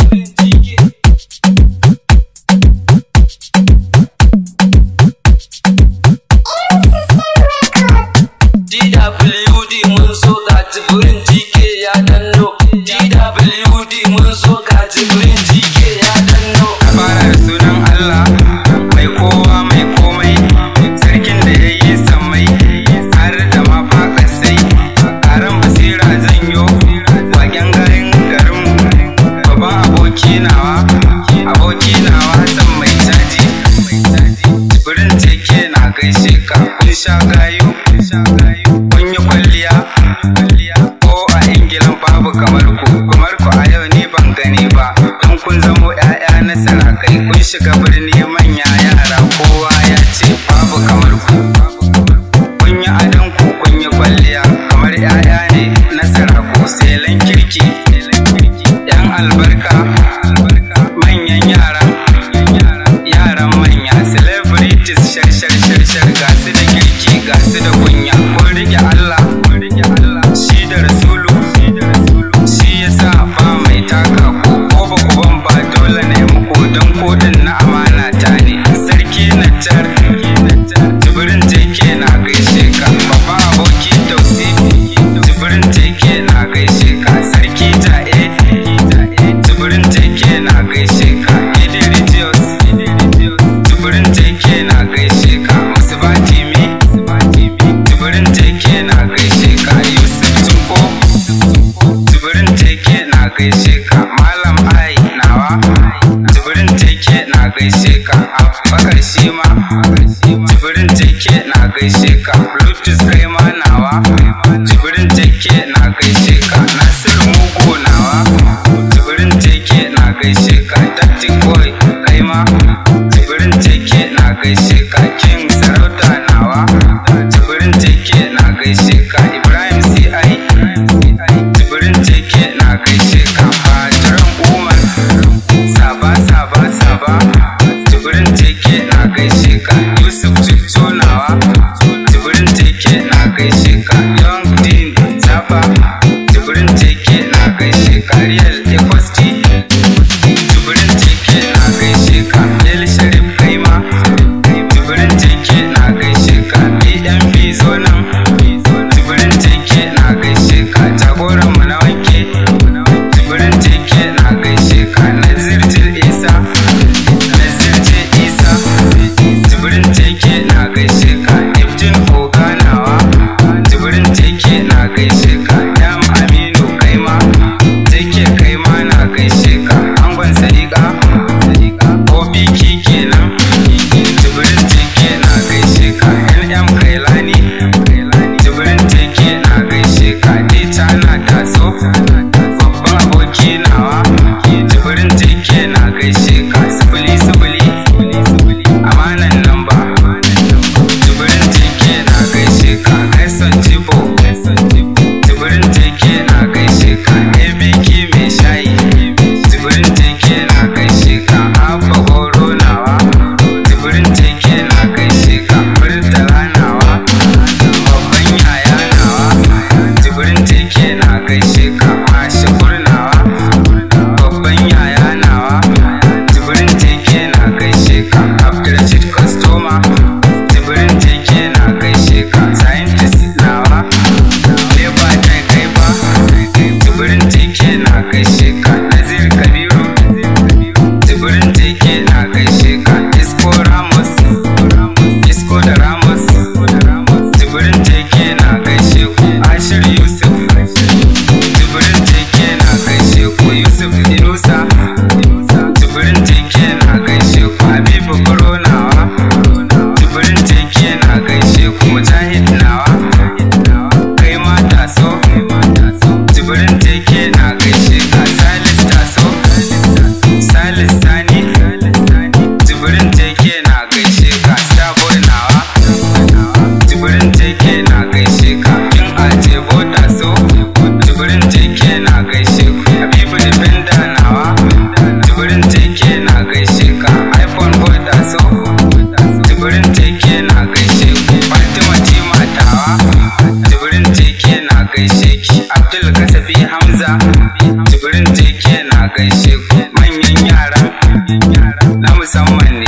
Mexican yi shika kun sha gayu kun yi kwalliya ko a ingilan babu kamar ku kamar ku a yau ni ban gani ba don kun zamo 'ya'ya na sarakai kun shiga birni manya yara kowa karshe jibirin jake na gaishe ka bluetooth kai ma nawa jibirin jake na gaishe ka nasir mugu nawa jibirin jake na gaishe ka datti boy kai ma jibirin jake na gaishe ka ba jibrin ce ke na gaishe kariyar tunawa ki ji farin ciki na gaishe closer.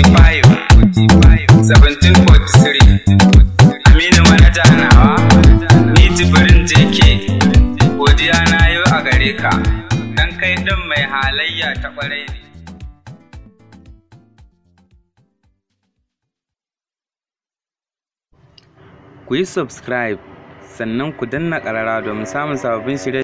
45 1743 Aminu manaja nawa ni jibirin jeke godiya na yau a gare ka dan kai din mai halayya ta kwarai ne Kuyi yi subscribe sannan ku danna ƙarara domin samun sabbin shirye